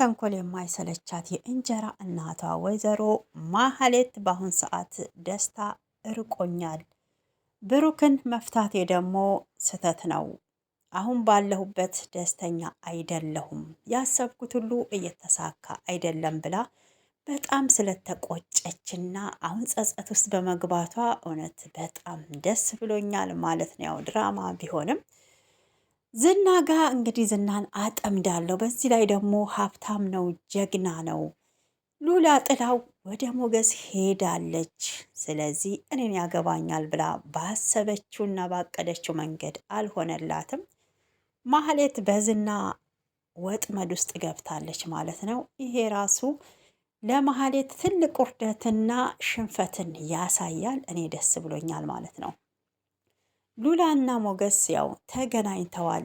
ተንኮል የማይሰለቻት የእንጀራ እናቷ ወይዘሮ ማህሌት በአሁን ሰዓት ደስታ እርቆኛል፣ ብሩክን መፍታቴ ደግሞ ስህተት ነው። አሁን ባለሁበት ደስተኛ አይደለሁም፣ ያሰብኩት ሁሉ እየተሳካ አይደለም ብላ በጣም ስለተቆጨችና አሁን ጸጸት ውስጥ በመግባቷ እውነት በጣም ደስ ብሎኛል ማለት ነው። ያው ድራማ ቢሆንም ዝና ጋር እንግዲህ ዝናን አጠምዳለሁ። በዚህ ላይ ደግሞ ሀብታም ነው፣ ጀግና ነው። ሉላ ጥላው ወደ ሞገስ ሄዳለች። ስለዚህ እኔን ያገባኛል ብላ ባሰበችውና ባቀደችው መንገድ አልሆነላትም። ማህሌት በዝና ወጥመድ ውስጥ ገብታለች ማለት ነው። ይሄ ራሱ ለማህሌት ትልቅ ውርደትና ሽንፈትን ያሳያል። እኔ ደስ ብሎኛል ማለት ነው። ሉላና ሞገስ ያው ተገናኝተዋል።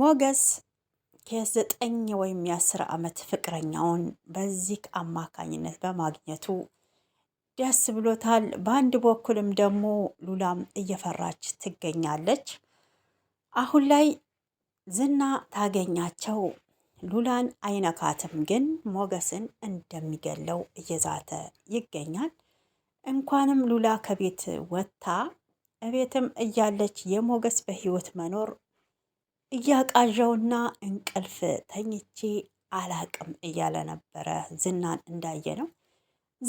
ሞገስ የዘጠኝ ወይም የአስር ዓመት ፍቅረኛውን በዚህ አማካኝነት በማግኘቱ ደስ ብሎታል። በአንድ በኩልም ደግሞ ሉላም እየፈራች ትገኛለች። አሁን ላይ ዝና ታገኛቸው ሉላን አይነካትም፣ ግን ሞገስን እንደሚገለው እየዛተ ይገኛል። እንኳንም ሉላ ከቤት ወጥታ እቤትም እያለች የሞገስ በህይወት መኖር እያቃዣውና እንቅልፍ ተኝቼ አላቅም እያለ ነበረ ዝናን እንዳየ ነው።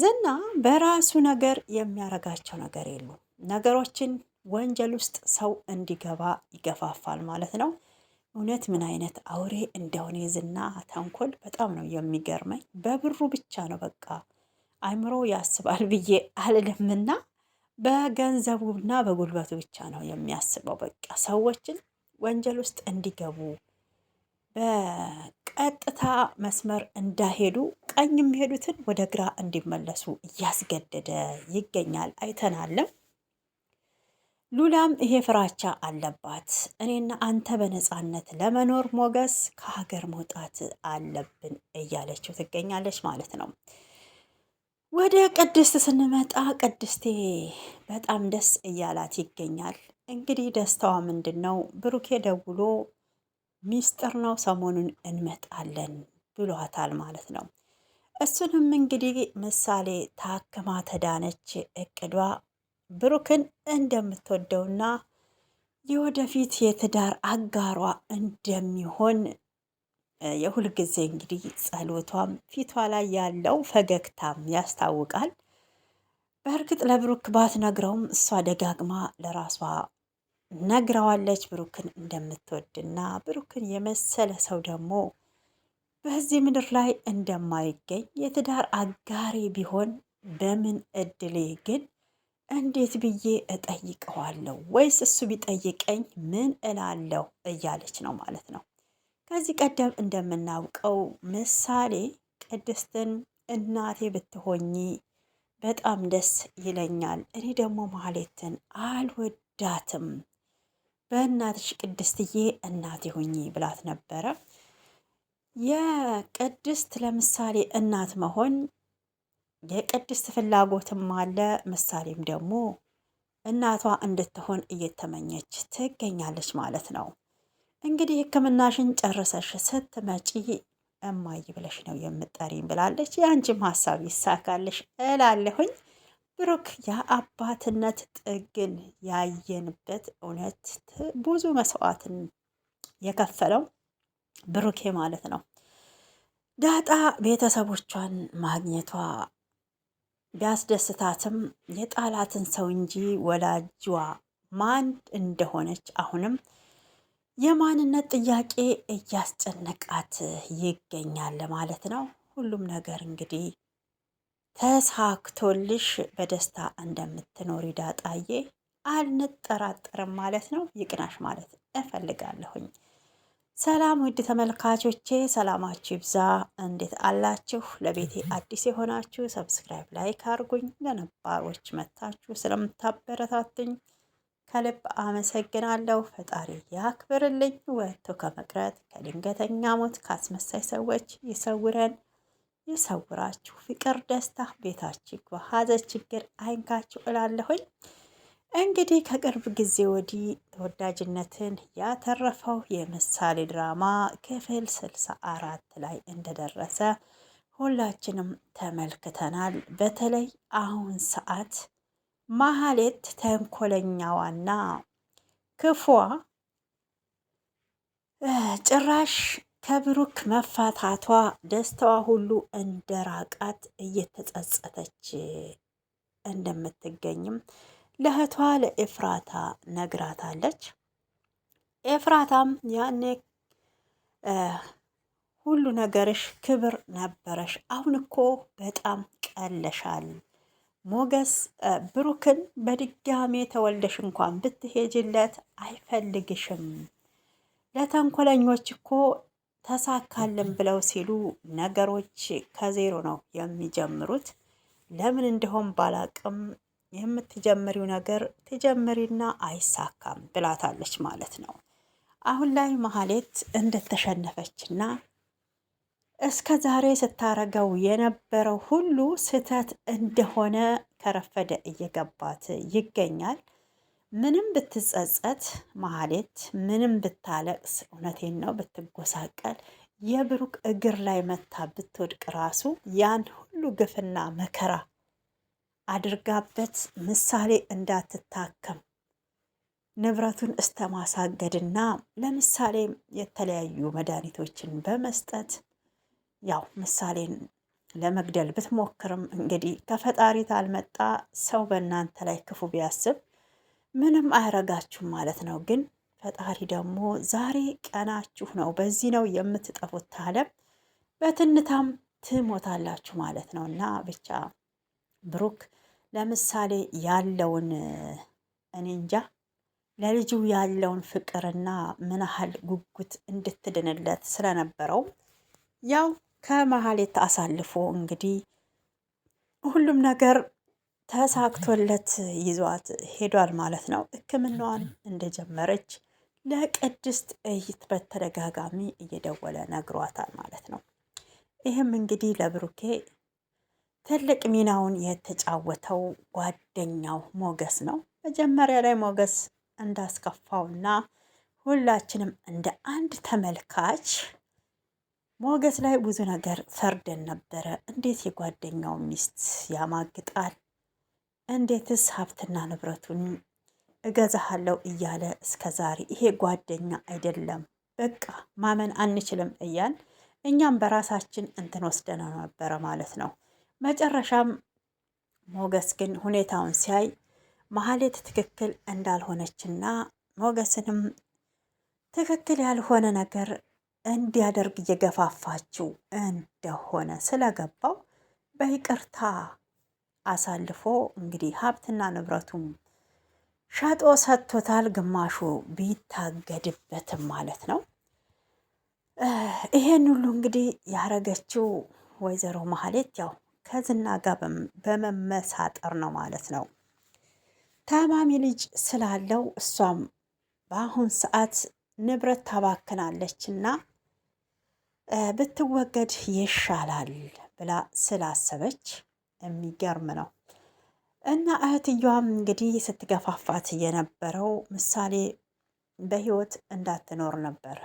ዝና በራሱ ነገር የሚያረጋቸው ነገር የሉ ነገሮችን ወንጀል ውስጥ ሰው እንዲገባ ይገፋፋል ማለት ነው። እውነት ምን አይነት አውሬ እንደሆነ ዝና ተንኮል በጣም ነው የሚገርመኝ። በብሩ ብቻ ነው በቃ አይምሮ ያስባል ብዬ አልልምና በገንዘቡና በጉልበቱ ብቻ ነው የሚያስበው። በቃ ሰዎችን ወንጀል ውስጥ እንዲገቡ በቀጥታ መስመር እንዳይሄዱ ቀኝ የሚሄዱትን ወደ ግራ እንዲመለሱ እያስገደደ ይገኛል። አይተናለም። ሉላም ይሄ ፍራቻ አለባት። እኔና አንተ በነፃነት ለመኖር ሞገስ ከሀገር መውጣት አለብን እያለችው ትገኛለች ማለት ነው። ወደ ቅድስት ስንመጣ ቅድስቴ በጣም ደስ እያላት ይገኛል። እንግዲህ ደስታዋ ምንድን ነው? ብሩኬ ደውሎ ሚስጥር ነው ሰሞኑን እንመጣለን ብሏታል ማለት ነው። እሱንም እንግዲህ ምሳሌ ታክማ ተዳነች። እቅዷ ብሩክን እንደምትወደውና የወደፊት የትዳር አጋሯ እንደሚሆን የሁልጊዜ እንግዲህ ጸሎቷም ፊቷ ላይ ያለው ፈገግታም ያስታውቃል። በእርግጥ ለብሩክ ባትነግረውም እሷ ደጋግማ ለራሷ ነግረዋለች ብሩክን እንደምትወድና ብሩክን የመሰለ ሰው ደግሞ በዚህ ምድር ላይ እንደማይገኝ የትዳር አጋሪ ቢሆን በምን እድሌ ግን እንዴት ብዬ እጠይቀዋለሁ? ወይስ እሱ ቢጠይቀኝ ምን እላለሁ? እያለች ነው ማለት ነው። ከዚህ ቀደም እንደምናውቀው ምሳሌ ቅድስትን እናቴ ብትሆኚ በጣም ደስ ይለኛል፣ እኔ ደግሞ ማህሌትን አልወዳትም፣ በእናትሽ ቅድስትዬ እናቴ ሁኚ ብላት ነበረ። የቅድስት ለምሳሌ እናት መሆን የቅድስት ፍላጎትም አለ። ምሳሌም ደግሞ እናቷ እንድትሆን እየተመኘች ትገኛለች ማለት ነው። እንግዲህ ህክምናሽን ጨርሰሽ ስትመጪ እማይ ብለሽ ነው የምጠሪኝ ብላለች። የአንቺም ሀሳብ ይሳካልሽ እላለሁኝ። ብሩክ የአባትነት ጥግን ያየንበት እውነት ብዙ መስዋዕትን የከፈለው ብሩኬ ማለት ነው። ዳጣ ቤተሰቦቿን ማግኘቷ ቢያስደስታትም የጣላትን ሰው እንጂ ወላጇ ማን እንደሆነች አሁንም የማንነት ጥያቄ እያስጨነቃት ይገኛል ማለት ነው። ሁሉም ነገር እንግዲህ ተሳክቶልሽ በደስታ እንደምትኖሪ ዳጣዬ አልንጠራጠርም ማለት ነው። ይቅናሽ ማለት እፈልጋለሁኝ። ሰላም ውድ ተመልካቾቼ ሰላማችሁ ይብዛ። እንዴት አላችሁ? ለቤቴ አዲስ የሆናችሁ ሰብስክራይብ፣ ላይክ አድርጉኝ። ለነባሮች መታችሁ ስለምታበረታትኝ ከልብ አመሰግናለሁ። ፈጣሪ ያክብርልኝ። ወጥቶ ከመቅረት ከድንገተኛ ሞት ከአስመሳይ ሰዎች ይሰውረን ይሰውራችሁ። ፍቅር፣ ደስታ ቤታችሁ ይግባ፣ ችግር አይንካችሁ እላለሁኝ። እንግዲህ ከቅርብ ጊዜ ወዲህ ተወዳጅነትን ያተረፈው የምሳሌ ድራማ ክፍል ስልሳ አራት ላይ እንደደረሰ ሁላችንም ተመልክተናል። በተለይ አሁን ሰዓት ማህሌት ተንኮለኛዋና ክፏ ጭራሽ ከብሩክ መፋታቷ ደስታዋ ሁሉ እንደ ራቃት እየተጸጸተች እንደምትገኝም ለእህቷ ለኤፍራታ ነግራታለች። ኤፍራታም ያኔ ሁሉ ነገርሽ ክብር ነበረሽ፣ አሁን እኮ በጣም ቀለሻል ሞገስ ብሩክን በድጋሜ ተወልደሽ እንኳን ብትሄጅለት አይፈልግሽም። ለተንኮለኞች እኮ ተሳካልን ብለው ሲሉ ነገሮች ከዜሮ ነው የሚጀምሩት። ለምን እንደሆን ባላቅም የምትጀምሪው ነገር ትጀምሪና አይሳካም ብላታለች ማለት ነው። አሁን ላይ መሀሌት እንደተሸነፈችና እስከ ዛሬ ስታረገው የነበረው ሁሉ ስህተት እንደሆነ ከረፈደ እየገባት ይገኛል። ምንም ብትጸጸት ማህሌት ምንም ብታለቅስ፣ እውነቴን ነው ብትጎሳቀል፣ የብሩክ እግር ላይ መታ ብትወድቅ ራሱ ያን ሁሉ ግፍና መከራ አድርጋበት ምሳሌ እንዳትታከም ንብረቱን እስከ ማሳገድና ለምሳሌ የተለያዩ መድኃኒቶችን በመስጠት ያው ምሳሌን ለመግደል ብትሞክርም እንግዲህ ከፈጣሪ ታልመጣ ሰው በእናንተ ላይ ክፉ ቢያስብ ምንም አያረጋችሁም ማለት ነው። ግን ፈጣሪ ደግሞ ዛሬ ቀናችሁ ነው፣ በዚህ ነው የምትጠፉት ታለም በትንታም ትሞታላችሁ ማለት ነው። እና ብቻ ብሩክ ለምሳሌ ያለውን እኔ እንጃ ለልጁ ያለውን ፍቅርና ምን ያህል ጉጉት እንድትድንለት ስለነበረው ያው ከመሀሌት አሳልፎ እንግዲህ ሁሉም ነገር ተሳክቶለት ይዟት ሄዷል ማለት ነው። ሕክምናዋን እንደጀመረች ለቅድስት እይት በተደጋጋሚ እየደወለ ነግሯታል ማለት ነው። ይህም እንግዲህ ለብሩኬ ትልቅ ሚናውን የተጫወተው ጓደኛው ሞገስ ነው። መጀመሪያ ላይ ሞገስ እንዳስከፋውና ሁላችንም እንደ አንድ ተመልካች ሞገስ ላይ ብዙ ነገር ፈርደን ነበረ። እንዴት የጓደኛው ሚስት ያማግጣል? እንዴትስ ሀብትና ንብረቱን እገዛሃለው እያለ እስከ ዛሬ ይሄ ጓደኛ አይደለም፣ በቃ ማመን አንችልም እያል እኛም በራሳችን እንትን ወስደን ነበረ ማለት ነው። መጨረሻም ሞገስ ግን ሁኔታውን ሲያይ መሀሌት ትክክል እንዳልሆነችና ሞገስንም ትክክል ያልሆነ ነገር እንዲያደርግ እየገፋፋችው እንደሆነ ስለገባው በይቅርታ አሳልፎ እንግዲህ ሀብትና ንብረቱም ሸጦ ሰጥቶታል። ግማሹ ቢታገድበትም ማለት ነው። ይሄን ሁሉ እንግዲህ ያረገችው ወይዘሮ ማህሌት ያው ከዝና ጋር በመመሳጠር ነው ማለት ነው። ታማሚ ልጅ ስላለው እሷም በአሁን ሰዓት ንብረት ታባክናለች እና ብትወገድ ይሻላል ብላ ስላሰበች የሚገርም ነው። እና እህትየዋም እንግዲህ ስትገፋፋት የነበረው ምሳሌ በህይወት እንዳትኖር ነበር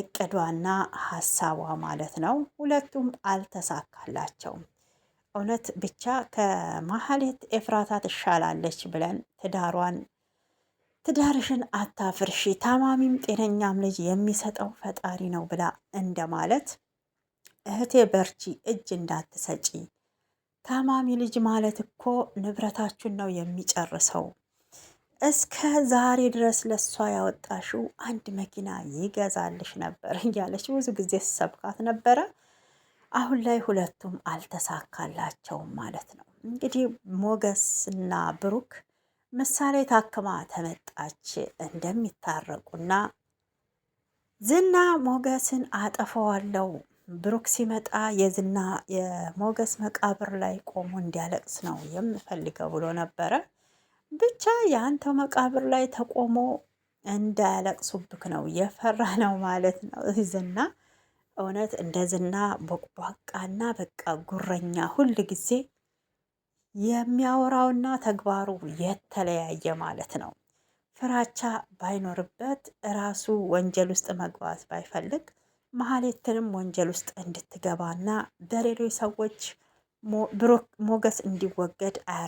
እቅዷና ሀሳቧ ማለት ነው። ሁለቱም አልተሳካላቸውም። እውነት ብቻ ከማህሌት ኤፍራታ ትሻላለች ብለን ትዳሯን ትዳርሽን አታፍርሺ፣ ታማሚም ጤነኛም ልጅ የሚሰጠው ፈጣሪ ነው ብላ እንደማለት እህቴ በርቺ፣ እጅ እንዳትሰጪ። ታማሚ ልጅ ማለት እኮ ንብረታችሁን ነው የሚጨርሰው። እስከ ዛሬ ድረስ ለእሷ ያወጣሽው አንድ መኪና ይገዛልሽ ነበር እያለች ብዙ ጊዜ ሰብካት ነበረ። አሁን ላይ ሁለቱም አልተሳካላቸውም ማለት ነው። እንግዲህ ሞገስ እና ብሩክ ምሳሌ ታክማ ተመጣች እንደሚታረቁና ዝና ሞገስን አጠፈዋለው ብሩክ ሲመጣ የዝና የሞገስ መቃብር ላይ ቆሞ እንዲያለቅስ ነው የምፈልገው ብሎ ነበረ። ብቻ የአንተ መቃብር ላይ ተቆሞ እንዳያለቅሱብክ ነው የፈራ ነው ማለት ነው። ዝና እውነት እንደ ዝና ቦቅቧቃና በቃ ጉረኛ ሁል ጊዜ የሚያወራውና ተግባሩ የተለያየ ማለት ነው። ፍራቻ ባይኖርበት ራሱ ወንጀል ውስጥ መግባት ባይፈልግ መሀሌትንም ወንጀል ውስጥ እንድትገባና በሌሎች ሰዎች ሞገስ እንዲወገድ አያ